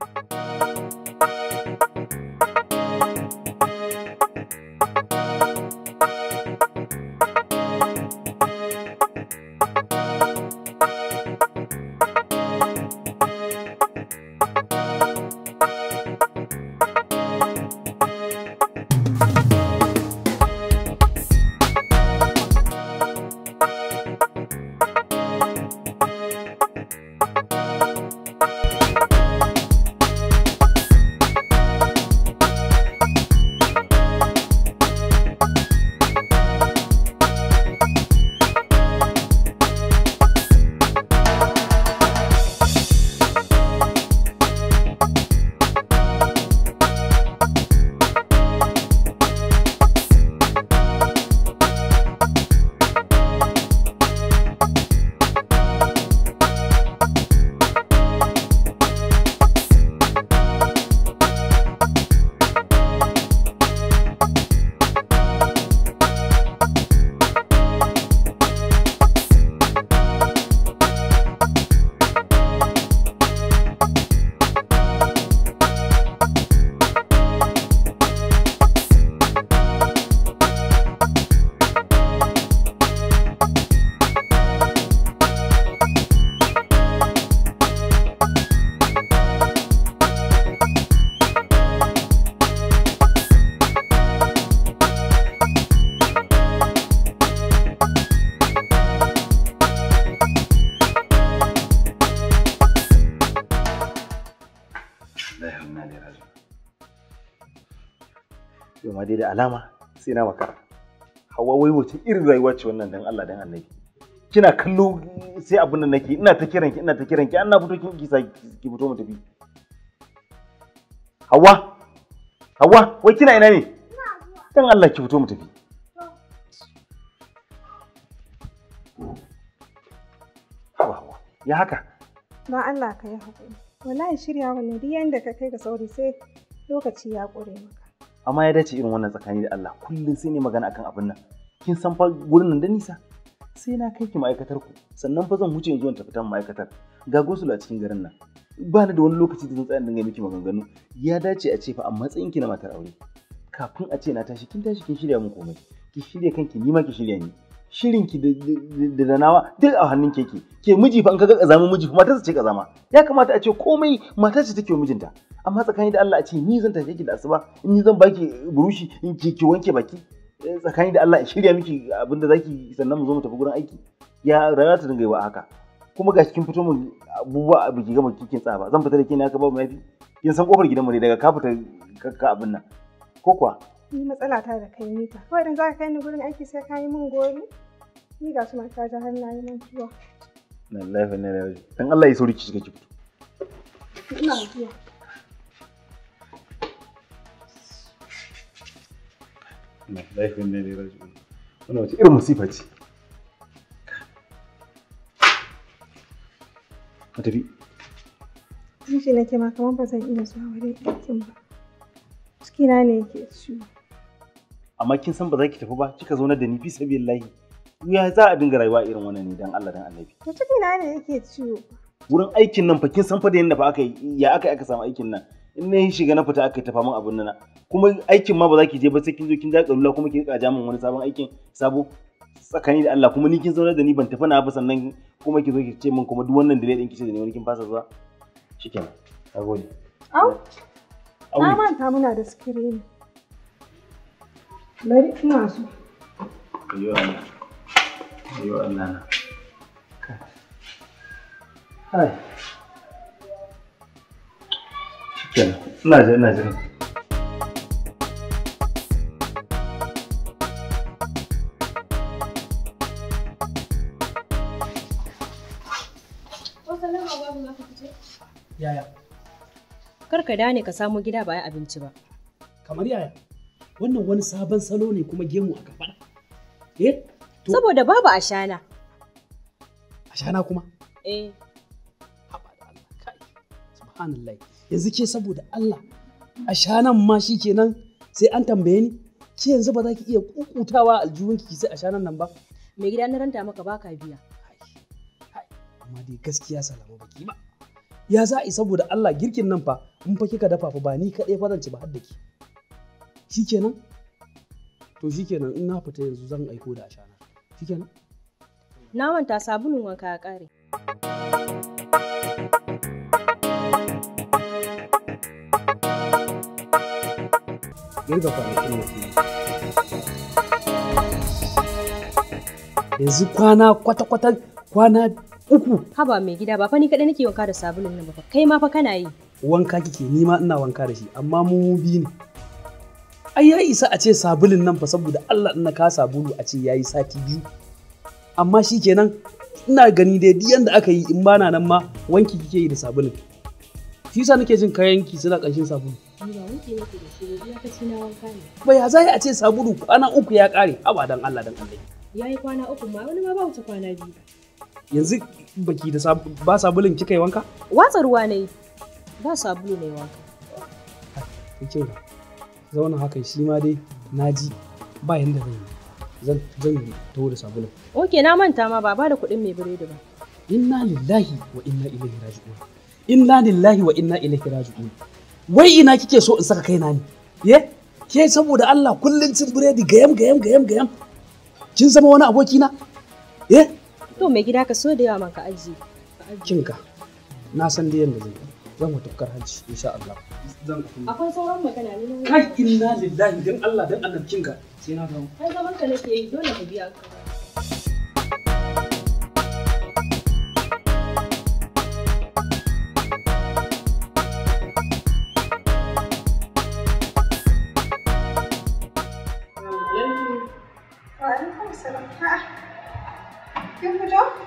Thank you. inna da raji'un yau ma dai da alama sai na makara hawa wai wace irin rayuwa ce wannan dan Allah dan annabi kina kallo sai abin da nake ina ta kiran ki ina ta kiran ki an na fito kin kisa ki fito mu tafi hawa hawa wai kina ina ne dan Allah ki fito mu tafi ya haka na Allah ka yi haƙuri wallahi shirya wani duk yanda ka kai ga sauri sai lokaci ya ƙure maka amma ya dace irin wannan tsakani da Allah kullum sai ne magana akan abin nan kin san fa gurin nan da nisa sai na kai ki ma'aikatar ku sannan fa zan wuce in zo in tafi ta ma'aikatar ga gosulu a cikin garin nan ba ni da wani lokaci da zan tsaya dinga miki maganganu ya dace a ce fa a matsayin ki na matar aure kafin a ce na tashi kin tashi kin shirya mun komai ki shirya kanki ni ma ki shirya ni shirinki da da nawa duk a hannun keke ke miji fa in kaga kazama miji fa matarsa ce kazama ya kamata a ce komai matar ce take mijinta amma tsakani da Allah a ce ni zan tafi ki da asuba in ni zan baki burushi in ki ki wanke baki eh, tsakani da Allah in shirya miki abinda zaki sannan mu zo mu tafi gurin aiki ya rayuwa ta dinga yi wa haka kuma gashi kin fito mu abubuwa a biki gama kikin tsaba zan fita da ke ka ba mu yafi kin san kofar gidan mu ne daga ka fita ka abin nan ko kuwa ni matsala ta da kai mita kawai idan za ka kai ni gurin aiki sai ka yi min gori ni ga su mata ta har na yi min ciwo wallahi ne da dan Allah ya sauri ki shiga ki fito ina zuwa wallahi ne da raji wannan wace irin musifa ce ka tafi Ni Nishi nake ma kamar ba zan iya zuwa wurin aikin ba. cikina ne yake ciwo. amma kin san ba za ki tafi ba kika zauna da ni fi sabilillahi ya za a dinga rayuwa irin wannan ne dan Allah dan Annabi to ciki na ne yake ciwo wurin aikin nan fa kin san fa da yanda fa aka ya aka aka samu aikin nan in na shiga na fita aka tafa min abun nan kuma aikin ma ba za ki je ba sai kin zo kin ja karula kuma kin kaja min wani sabon aikin sabo tsakani da Allah kuma ni kin zauna da ni ban tafi na ba sannan kuma ki zo ki ce min kuma duk wannan ne din ki ce da ni wani kin fasa zuwa shikenan nagode au na manta muna da sikirini bari ina so na hai shikenan ina je ina je Yaya? Kar ka dane ka samo gida ba abinci ba. Kamar yaya? wannan wani sabon salo ne kuma gemu aka faɗa eh saboda babu ashana ashana kuma eh haba da Allah kai subhanallah yanzu ke saboda Allah ashanan ma shi kenan sai an tambaye ni ki yanzu ba za ki iya kukutawa aljihunki ki sai ashanan nan ba mai gida na ranta maka baka biya amma dai gaskiya salama baki ba ya za a yi saboda Allah girkin nan fa in fa kika dafa fa ba ni kaɗai fa zan ci ba har da ki shikenan to shikenan in na fita yanzu zan aiko da ashana shikenan na manta sabulun wanka ya kare yanzu kwana kwata-kwata kwana uku. Haba mai gida ba ni kaɗai nake wanka da sabulun nan ba kai ma fa kana yi. Wanka kike ni ma ina wanka da shi amma mu biyu ne. ai ya isa a ce sabulin nan fa saboda Allah na ka sabulu a ce yayi sati biyu amma shi kenan ina gani dai duk yadda aka yi in bana nan ma wanki kike yi da sabulin shi yasa nake jin kayan ki suna ƙarshen sabulu ba ya zai a ce sabulu kwana uku ya ƙare haba dan Allah dan Allah yayi kwana uku ma wani ma ba wuce kwana biyu yanzu baki da ba sabulin kika yi wanka watsa ruwa ne ba sabulu ne wanka zauna haka shi ma dai na ji ba yanda zan zan zan to da sabulun oke na manta ma ba ba da kuɗin mai biredi ba inna lillahi wa inna ilaihi raji'un inna lillahi wa inna ilaihi raji'un wai ina kike so in saka kaina ne ye ke saboda Allah kullun cin biredi gayam gayam gayam gayam kin zama wani aboki na Ye? to mai gida ka so da yawa man ka ajiye kinka na san da yanda zan yi za mu tafkar hajji insha Allah akwai sauran magana ne kai inna lillahi dan Allah dan Allah ga sai na dawo kai zaman ka nake yi dole ka biya ka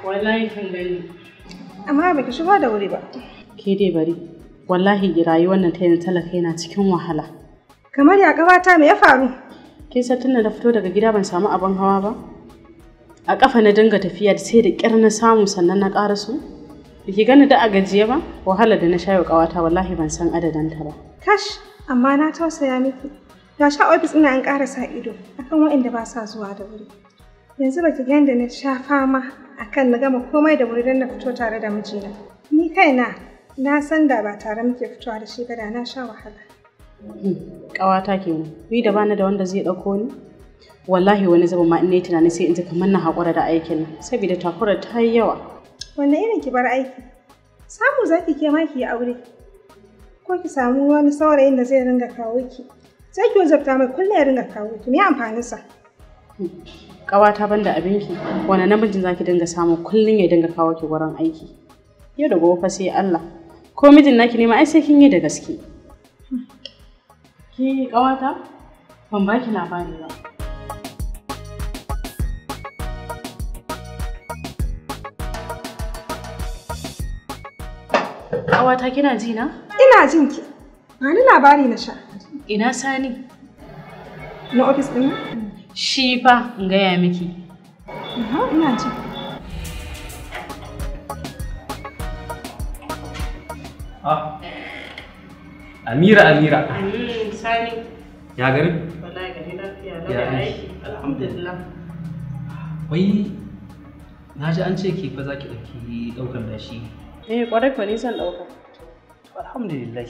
Wallahi kin gani. Amma ki shiga da wuri ba. ke dai bari wallahi rayuwar nan ta yanzu talaka yana cikin wahala kamar ya kawata me ya faru kin san tunda da fito daga gida ban samu abin hawa ba a kafa na dinga tafiya sai da kyar na samu sannan na ƙara su ki gani da a gajiye ba wahala da na sha wa kawata wallahi ban san adadanta ba kash amma na tausaya miki Ya sha ofis ina an sa ido akan waɗanda ba sa zuwa da wuri yanzu ba ki da na sha fama akan na gama komai da wuri don na fito tare da mijina ni kaina Na san da ba tare muke fitowa da shi ba da na sha wahala. Ƙawata kenan, ni da bani da wanda zai ɗauko ni? Wallahi wani zaba ma in na yi tunani sai in ji kamar na haƙura da aikin nan, saboda takura ta yi yawa. Wanne irin ki bar aiki? Samu za ki ke ma ki yi aure. Ko ki samu wani saurayin da zai ringa kawo ki. Sai ki wajabta mai kullum ya ringa kawo ki, me amfaninsa? Ƙawata banda ki, wani namijin za ki dinga samu kullum ya dinga kawo ki wurin aiki. Yau da gobe fa sai Allah. Ko mijin naki ne ma ai sai kin yi da gaske. Ki kawata? Ban baki labari ba. Kawata kina ji na? Ina jin ki. Ba ni labari na sha. Ina sani. Na ofis ɗin? Shi fa in gaya miki. Ina ji. Amira Amira. Sani. Ya gari? Wallahi gari lafiya ya aiki. Alhamdulillah. Wai na ji an ce ki fa za ki ɗauki ɗaukar dashi. Eh kwarai ni zan ɗauka. Alhamdulillah.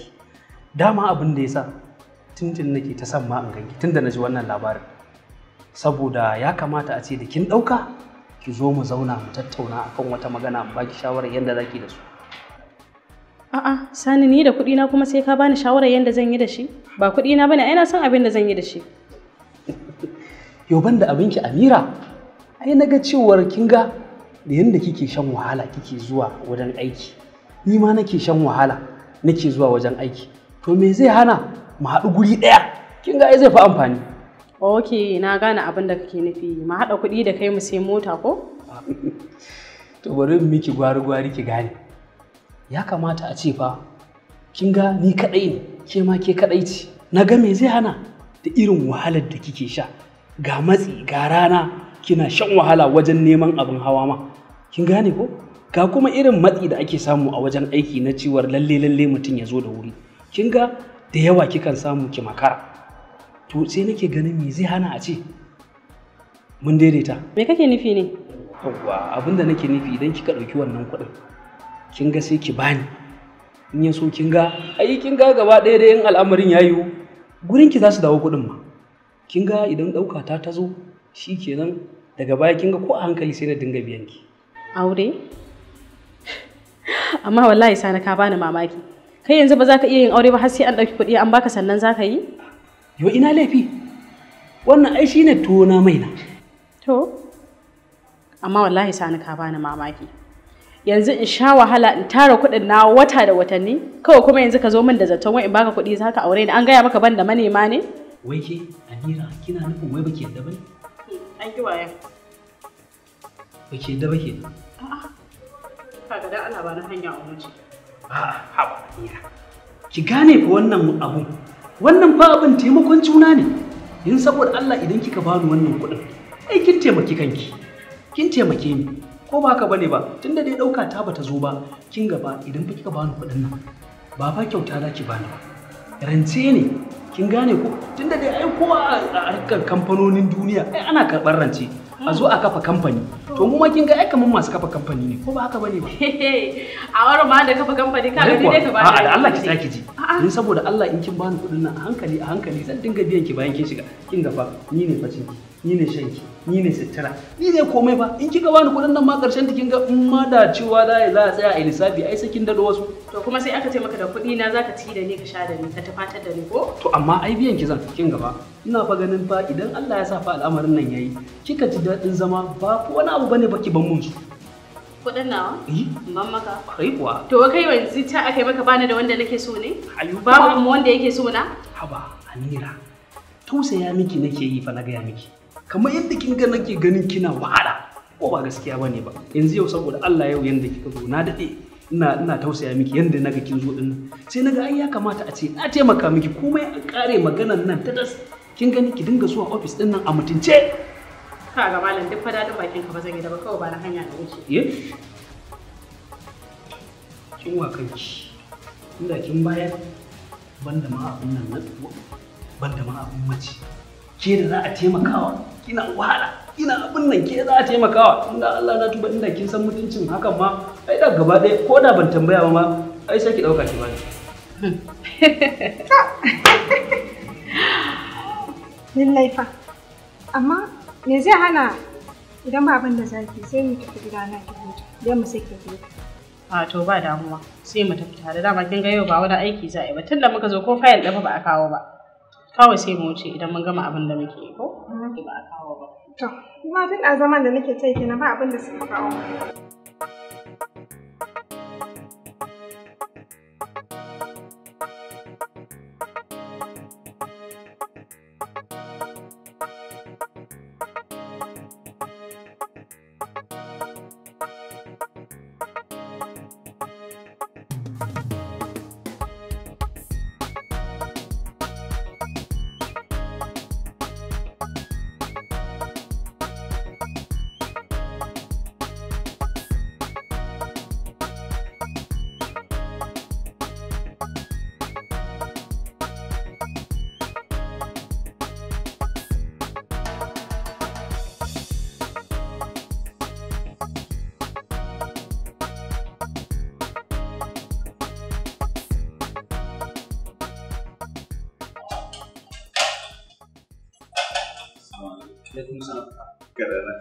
Dama abin da ya sa tuntun nake ta san ma in ganki tunda na ji wannan labarin. Saboda ya kamata a ce da kin ɗauka ki zo mu zauna mu tattauna akan wata magana mu baki shawarar yadda zaki da su. A'a, sani ni da kuɗi na kuma sai ka bani shawarar yadda zan yi da shi? Ba na bane, ai na san abin da zan yi da shi. yo ban da abinki Amira, ai na ga cewar kin ga da yadda kike shan wahala kike zuwa wajen aiki. Ni ma nake shan wahala nake zuwa wajen aiki. To me zai hana mu haɗu guri ɗaya? Kin ga ai zai fi amfani. Ok, na gane abin da kake nufi. Mu haɗa kuɗi da kai mu sai mota ko? to bari miki gwari-gwari ki gane. ya kamata a ce fa kin ga ni kaɗai ne ke ma ke kaɗai ce na ga me zai hana da irin wahalar da kike sha ga matsi ga rana kina shan wahala wajen neman abin hawa ma kin gane ko ga kuma irin matsi da ake samu a wajen aiki na ciwar lalle lalle mutum ya zo da wuri kin ga da yawa kikan samu ki makara to sai nake ganin me zai hana a ce mun daidaita me kake nufi ne abin da nake nufi idan kika ɗauki wannan kuɗin kin ga sai ki bani in ya so kin ga ai kin ga gaba ɗaya da yin al'amarin ya yiwu gurin ki za su dawo kuɗin ma kin ga idan ɗauka ta ta zo shi kenan daga baya kin ga ko a hankali sai na dinga biyan ki aure amma wallahi sani ka bani mamaki kai yanzu ba za ka iya yin aure ba har sai an ɗauki kuɗi an baka sannan za ka yi yo ina laifi wannan ai shine mai na to amma wallahi sani ka bani mamaki yanzu in sha wahala in tara kuɗin na wata da watanni kawai kuma yanzu ka zo min da zaton wa in baka kuɗi za ka aure ni an gaya maka ban da manema ne wai ke amira kina nufin wai baki yadda bane an ki waya baki yadda bake a'a Ka da ana ba na hanya a wuce a'a haba amira ki gane fa wannan abu wannan fa abin taimakon juna ne in saboda Allah idan kika bani wannan kuɗin ai kin taimaki kanki kin taimake ni ko ba haka bane ba tunda dai dauka ta bata zo ba kin gaba idan fa kika bani kuɗin nan ba fa kyauta za ki bani ba rance ne kin gane ko tunda dai ai ko a harkar kamfanonin duniya ai ana karɓar rance a zo a kafa kamfani to mu ma kin ga ai kamar masu kafa kamfani ne ko ba haka bane ba a wurin ma da kafa kamfani ka ga dai ka ba a Allah ki saki ji ni saboda Allah in kin bani kuɗin nan a hankali a hankali zan dinga biyan ki bayan kin shiga kin ga fa ni ne fa ciki ni ne shanki ni ne sitira ni ne komai ba in kika bani kudin nan ma karshen ta ga in ma da cewa za a tsaya a lissafi ai sai kin dado wasu to kuma sai aka ce maka da kuɗi na zaka ci da ni ka sha da ni ka tafatar da ni ko to amma ai biyan ki zan kin gaba ina fa ganin fa idan Allah ya sa fa al'amarin nan yayi kika ji daɗin zama ba wani abu bane baki ban mun su kuɗin nawa? Eh. Ban maka. Kai kuwa. To kai yanzu ta aka yi maka bani da wanda nake so ne? Ayu. Babu kuma wanda yake so na? Haba, Amira. Tausaya miki nake yi fa na gaya miki. kamar yadda kin ga nake ganin kina wahala ko ba gaskiya bane ba yanzu yau saboda Allah yau yanda kika zo na dade ina ina tausaya miki yanda naga kin zo din sai naga ai ya kamata a ce na taimaka miki komai a kare maganar nan ta das kin gani ki dinga zuwa office din nan a mutunce ka ga malam duk fada da bakin ka ba zan yi da ba kawai ba na hanya da wuce eh kin wa ki inda kin bayar banda ma abun nan banda ma abun mace ke da za a taimakawa kina wahala kina abin nan ke za a taimakawa inda Allah na tuba inda kin san mutuncin hakan ma ai da gaba ɗaya ko da ban tambaya ba ma ai sai ki ɗauka ki bani. Lallai fa amma me zai hana idan ba abin da zaki sai mu tafi gida na ki huta dai mu sake ki. A to ba damuwa sai mu tafi tare dama kin ga yau ba wani aiki za a yi ba tunda muka zo ko fayil ɗin ba a kawo ba. kawai sai mu wuce idan mun gama abin da muke yi ko mm-hmm. ba a kawo ba to kuma duk a zaman da nake ta na ba abin da suka kawo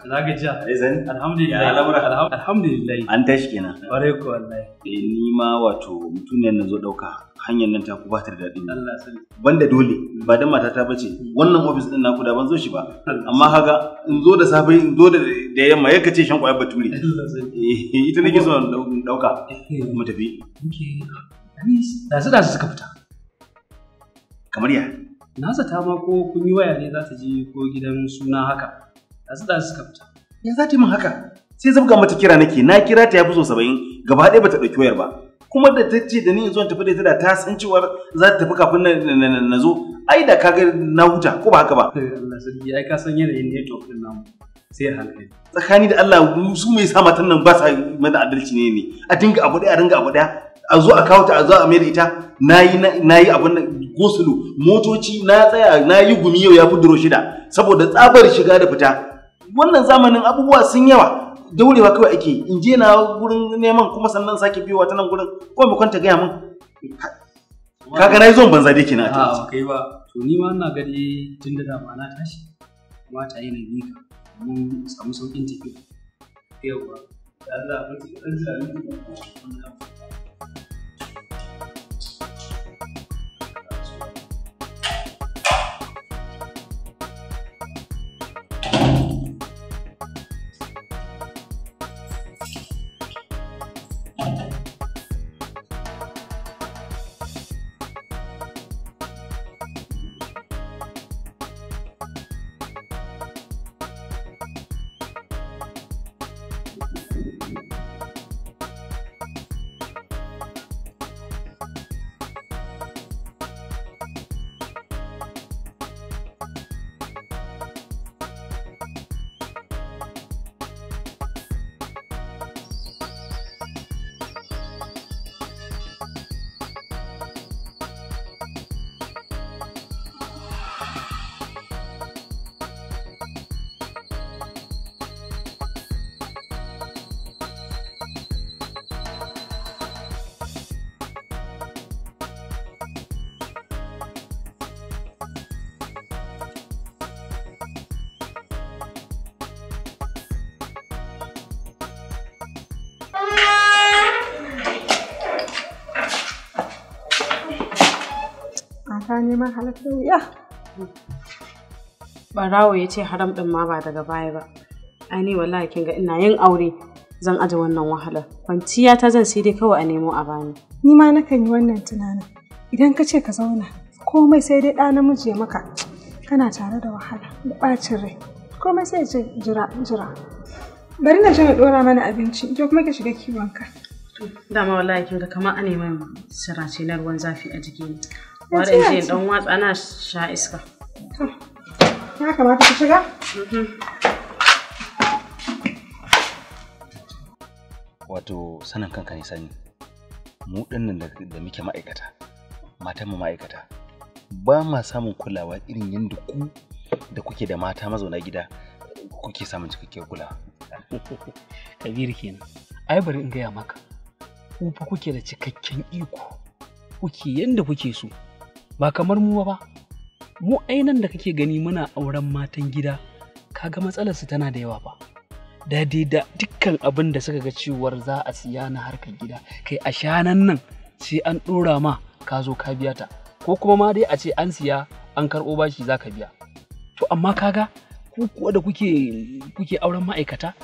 Na gajiya. Aizan? Alhamdulillah. Ya lamura. Alhamdulillah. An tashi kenan. Ƙwarai ko wallahi. Eh ni ma wato mutum ne na zo ɗauka hanyar nan ta ku ba ta da daɗi. Allah sani. Banda dole mm. ba da matata ba ce mm. wannan ofis ɗin naku da ban zo shi ba. Amma haka in zo da safe in zo da yamma ya kace shan ƙwayar bature. Eh, ita nake so in ɗauka eh. mu tafi. Da su da su suka fita. Kamar ya? na zata ma ko kun yi waya ne za ta je ko gidan suna haka da su da fita ya za ta yi min haka sai zabga mata kira nake na kira ta ya fi so saba'in gaba ɗaya bata ɗauki wayar ba kuma da ta ce da ni zuwa tafi da ita da ta san cewa za ta tafi kafin na zo ai da kaga na huta ko ba haka ba eh, Allah sarki ai ka san yanayin network din namu sai hankali tsakani da Allah su mai sa matan nan ba sa mana adalci ne ne a dinga abu daya a dinga abu ɗaya a zo a kawo ta a zo a mai da ita na yi abun nan gosulu motoci na tsaya na yi gumi yau ya fi duro shida saboda tsabar shiga da fita wannan zamanin abubuwa sun yawa daurewa kawai ake in je na gurin neman kuma sannan sake biyowa ta nan gurin ko mu kwanta gaya min kaga na yi zuwan banza dai kenan a kai ba to ni ma ina gani tun da dama na tashi kuma ta yi na bi mun samu saukin tafiya yau ba da Allah ba ta ɗan jira ne neman halatta wuya barawo ya ce haram ɗin ma ba daga baya ba ani wallahi kin ga ina yin aure zan aje wannan wahala kwanciya ta zan sai dai kawai a nemo a bani ni ma nakan yi wannan tunanin idan ka ce ka zauna komai sai dai ɗa namiji ya maka kana tare da wahala da ɓacin rai komai sai ce jira jira bari na je na ɗora mana abinci ke kuma ki shiga kiwon ka dama wallahi kin ga kamar a neman sirace na ruwan zafi a jiki Bari in je watsa na sha iska. Mhm. Wato sanin kanka ne sani. Mu nan da muke ma'aikata, matan mu ma'aikata, ba ma samun kulawa irin yadda ku da kuke da mata mazauna gida kuke samun cikakkiyar kulawa. Kabiru kenan. Ai bari in gaya maka. Ku fa kuke da cikakken iko. Kuke yanda kuke so. ba kamar mu ba mu ainan da kake gani muna auren matan gida kaga matsalar su tana da yawa ba dai da dukkan abin da suka ga cewar za a siya na harkar gida kai a shanan nan sai an ɗora ma ka zo ka biya ta ko kuma ma dai a ce an siya an karɓo bashi za ka biya to amma kaga ku kuwa da kuke kuke auren ma'aikata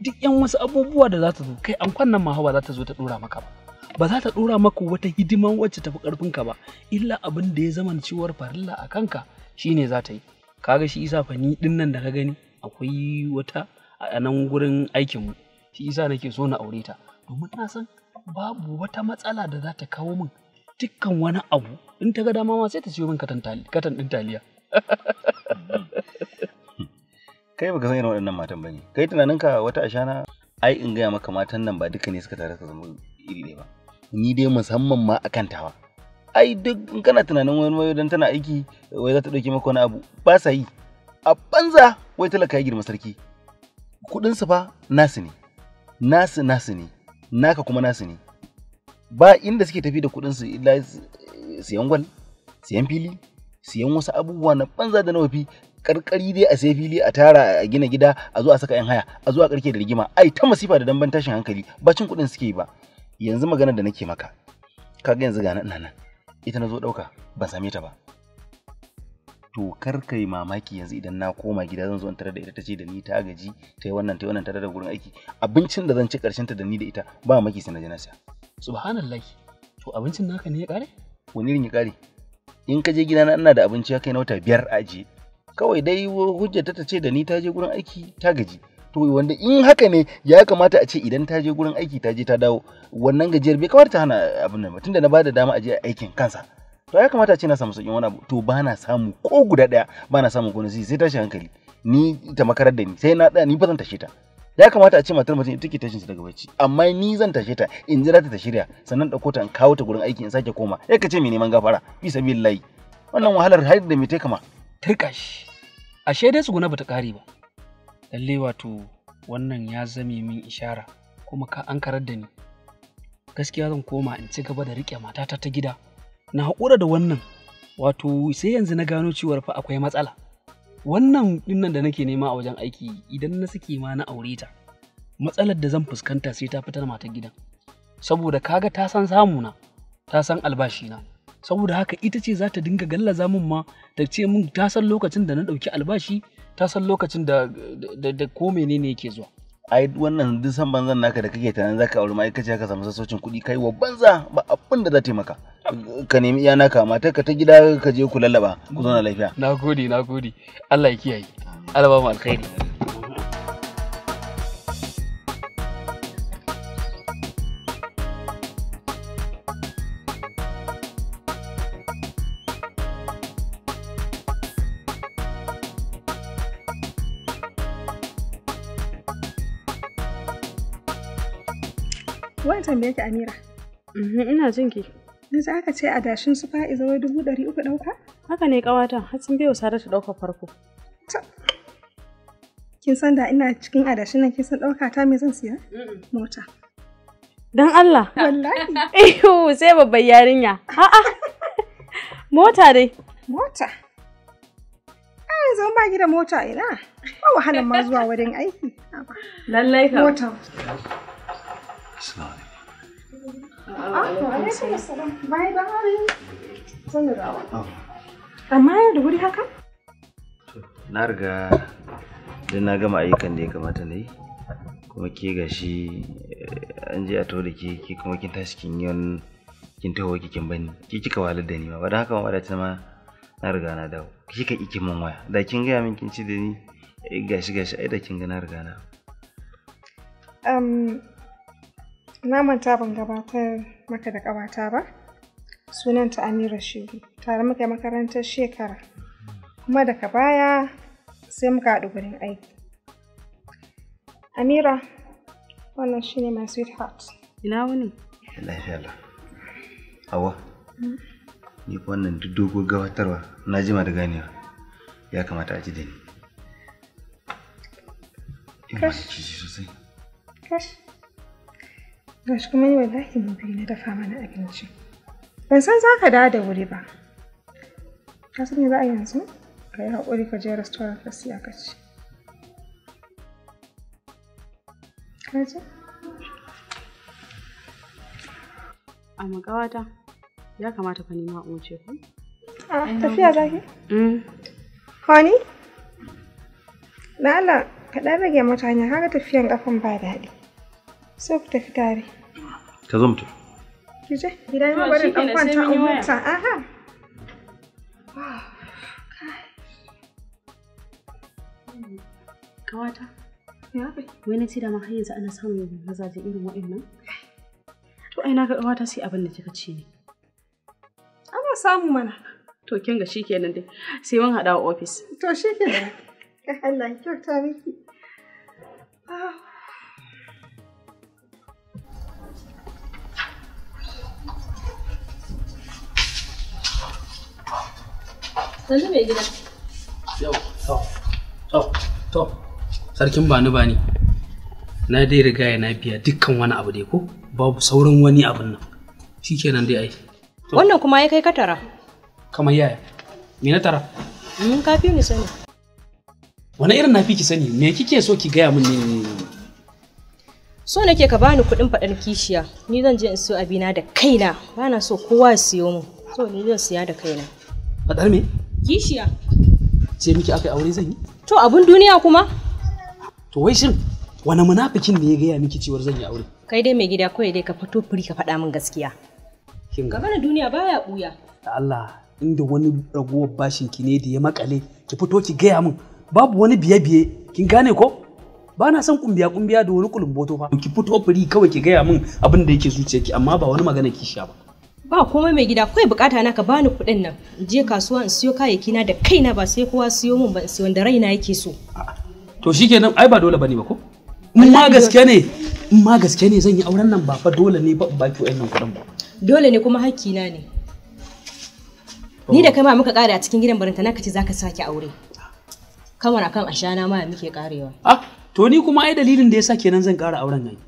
duk yan wasu abubuwa da za ta zo kai an kwannan ma hawa za ta zo ta ɗora maka ba ba za ta dora maka wata hidiman wacce tafi ka ba illa abin da ya zama ciwar farilla a kanka shine za ta yi kaga shi isa fa ni din nan da ka gani akwai wata a nan gurin aikin mu shi isa nake so na aure ta domin na san babu wata matsala da za ta kawo min dukkan wani abu in ta ga dama ma sai ta siyo min katan ɗin taliya kai baka san irin waɗannan matan bane kai tunaninka wata ashana ai in gaya maka matan nan ba duka ne suka tare ka zama iri ɗaya ba ni dai musamman ma akan tawa ai duk in kana tunanin wani wayo dan tana aiki wai za ta dauke maka wani abu ba sa yi a banza wai talaka ya girma sarki kudin su fa nasu ne nasu nasu ne naka kuma nasu ne ba inda suke tafi da kudin su illa siyan gwal siyan fili siyan wasu abubuwa na banza da nawafi karkari dai a sai fili a tara a gina gida a zo a saka yan haya a zo a karke da rigima ai ta masifa da damban tashin hankali ba cin kudin suke yi ba yanzu maganar da nake maka kaga yanzu ga ina nan ita na zo ɗauka ban same ta ba to kar kai mamaki yanzu idan na koma gida zan zo in tare da ita tace da ni ta gaji ta yi wannan ta yi wannan tare da gurin aiki abincin da zan ci karshen ta da ni da ita ba mamaki sai na je na siya subhanallahi to abincin naka ne ya kare wani irin ya kare in ka je gidana ina da abinci ya kai na wata biyar a ajiye kawai dai hujjar ta ce da ni ta je gurin aiki ta gaji to wanda in haka ne ya kamata a ce idan ta je gurin aiki ta je ta dawo wannan gajiyar bai kamata ta hana abin nan tunda na bada dama a je aikin kansa to ya kamata a ce na samu sauƙin wani abu to ba na samu ko guda ɗaya ba na samu ko sai tashi hankali ni ta makarar da ni sai na ɗaya ni ba zan tashe ta ya kamata a ce matar mutum ita ke tashin daga bacci amma ni zan tashe ta in jira ta ta shirya sannan ɗauko ta in kawo ta gurin aiki in sake koma ya ka ce mai neman gafara bi sabilillahi wannan wahalar har da mai kama turka shi ashe dai tsuguna bata kare ba lalle wato wannan ya zame min ishara kuma ka an karar da ni gaskiya zan koma in ci gaba da riƙe matata ta gida na haƙura da wannan wato sai yanzu na gano cewar fa akwai matsala wannan dinnan da nake nema a wajen aiki idan na sake ma na aure ta matsalar da zan fuskanta sai ta fitar mata gidan saboda kaga ta san samuna ta san albashina saboda haka ita ce za ta dinga gallaza min ma ta ce min ta san lokacin da na ɗauki albashi ta san lokacin da da ko ne yake zuwa ai wannan duk san banzan naka da kake tunanin zaka aure ikace ka samu sassaucin kuɗi kai wa banza ba abin da za ta maka ka nemi iya naka mata ka ta gida ka je ku lallaba ku zauna lafiya nagode nagode Allah ya kiyaye Allah mu alkhairi Wani tambaye ki Amira. Mhm, ina jin ki. Yanzu aka ce adashin su fa'i wai dubu ɗari uku ɗauka? Haka ne ƙawata, har sun biyo Sara ta ɗauka farko. Kin san da ina cikin adashin nan kin san ɗauka ta me zan siya? Mota. Don Allah. Wallahi. Iyo sai babbar yarinya. A'a. Mota dai. Mota. Ai zan ba gida mota ina. Ba wahalar ma zuwa wurin aiki. Lallai ka. Mota. Assalamu alaikum. Amma yau da wuri haka? Na riga duk na gama ayyukan da ya kamata na yi kuma ke gashi eh, an je a to da ke kuma kin tashi kin yi kin taho kin bani ki kika walar da ni ba don haka ma ta ma na riga na dawo ki kika iki min waya da kin gaya min kin ci da ni eh, gashi gashi ai da kin ga na riga na um Na manta ban gabatar maka da ƙawata ba? Sunanta Amira Shehu, tare muka makarantar shekara. Kuma daga baya sai muka haɗu gurin aiki. Amira, wannan shi ne my sweetheart. Ina wuni? Lafiya Hawa, ni wannan duk dogo gabatarwa na jima da ganewa ya kamata a ji da ni. Kash. Kash. gashi kuma ni wallahi mu gobe na dafa mana abinci ban san za ka dawo da wuri ba ka san me za a yanzu ka yi haƙuri ka je restaurant ka siya ka ci kaji a magawata ya kamata ka nema in wuce ku a tafiya za ki mm. honey na Allah ka ɗan rage mutane haka tafiyan ƙafan ba daɗi sai ku tafi tare ka zo mu tafi ki je gida ma bari a huta da ma har yanzu ana samun mazaje irin waɗannan to na samu mana to kin ga shikenan dai sai mun a office to shikenan Sannu mai gida. Yau, to, to, to, sarkin bani bani. Na dai riga na biya dukkan wani abu dai ko babu sauran wani abun nan. Shi kenan dai ai. Wannan kuma ya kai ka tara. Kamar yaya? Me na tara? Mun mm, ka fi ni sani. Wani irin na fi ki sani? Me kike so ki gaya min ne? So nake ka bani kuɗin faɗan kishiya. Ni zan je in siyo abina da kaina. Bana so kowa ya siyo min. So ni zan siya da kaina. Faɗar me? Kishiya. Ce miki aka aure zan yi? To abun duniya kuma? To wai shin wani munafikin ne ya gaya miki cewar zan yi aure? Kai dai mai gida kawai dai ka fito firi ka faɗa min gaskiya. Kin ga. bana duniya baya buya. Da Allah inda wani ragowar bashin ki ne da ya makale ki fito ki gaya min babu wani biye-biye kin gane ko? ba na son kumbiya kumbiya da wani kulumboto fa ki fito firi kawai ki gaya min abin da yake zuciyarki amma ba wani magana kishiya ba ba komai mai gida kawai bukata na ka bani kuɗin nan je kasuwa in siyo kayayyaki na da kaina ba sai kowa siyo min ba in siyo da raina yake so to shikenan ai ba dole bane ba ko in ma gaske ne in ma gaske ne zan yi auren nan ba fa dole ne ba in baki wayannan kuɗin ba dole ne kuma hakki na ne ni oh. da kai ma muka kare a cikin gidan barinta na kace zaka sake aure kamar akan ashana ma muke karewa ah to ni kuma ai dalilin da yasa kenan zan kara auren nan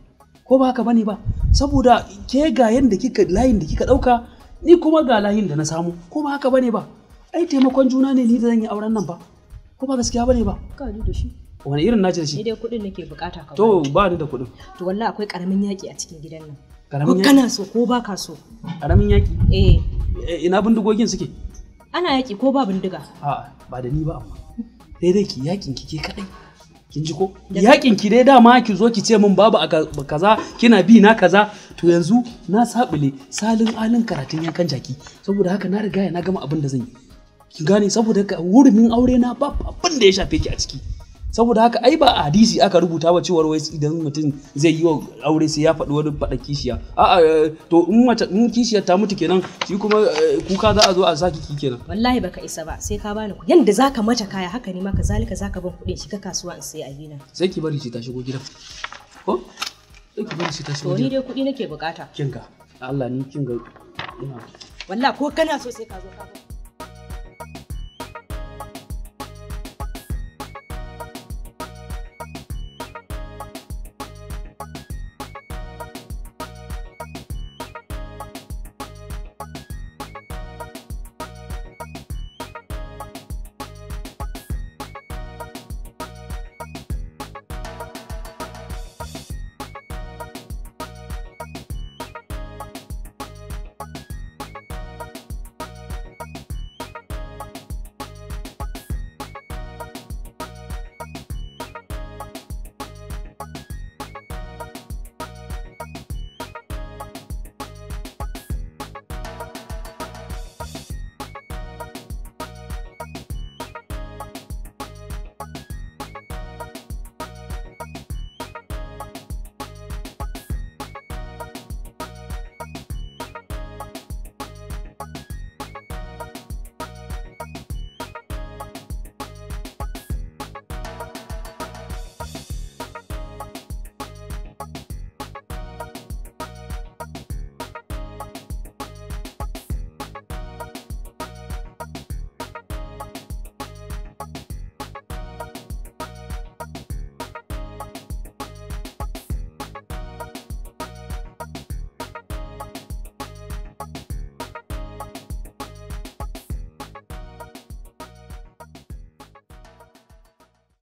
ko ba haka bane ba saboda ke ga yanda kika layin da kika dauka ni kuma ga layin da na samu ko ba haka bane ba ai taimakon juna ne ni da zan yi auren nan ba ko ba gaskiya bane ba ka ji da shi wani irin naci da shi dai kuɗin nake bukata ka to ba ni da kuɗin to wallahi akwai karamin yaki a cikin gidan nan karamin yaki kana so ko ba ka so karamin yaki eh. eh ina bindigogin suke ana yaki ko ba bindiga a ba da ni ba amma dai dai ki yakin ke kadai kin ko yakin ki dai dama ki zo ki ce min babu a kaza kina bi na kaza to yanzu na sabule salin alin karatun yankan jaki saboda haka na riga na gama abin da zan yi ki gane saboda wurin aure na babu abin da ya shafe ki a ciki saboda haka ai ba a hadisi aka rubuta ba cewar wai idan mutum zai yi wa aure sai ya faɗi wani faɗa kishiya a'a eh, to in mace in kishiyar ta mutu kenan shi kuma eh, kuka za a zo a saki ki kenan wallahi baka isa ba sai ka bani ku yanda zaka mata kaya haka ne maka zalika zaka ban kuɗin shiga kasuwa in sai abina sai ki bari shi ta shigo gida ko sai ki bari shi ta shigo gida to ni dai kuɗi nake bukata kinga Allah ni kinga ina wallahi ko kana so sai ka zo ka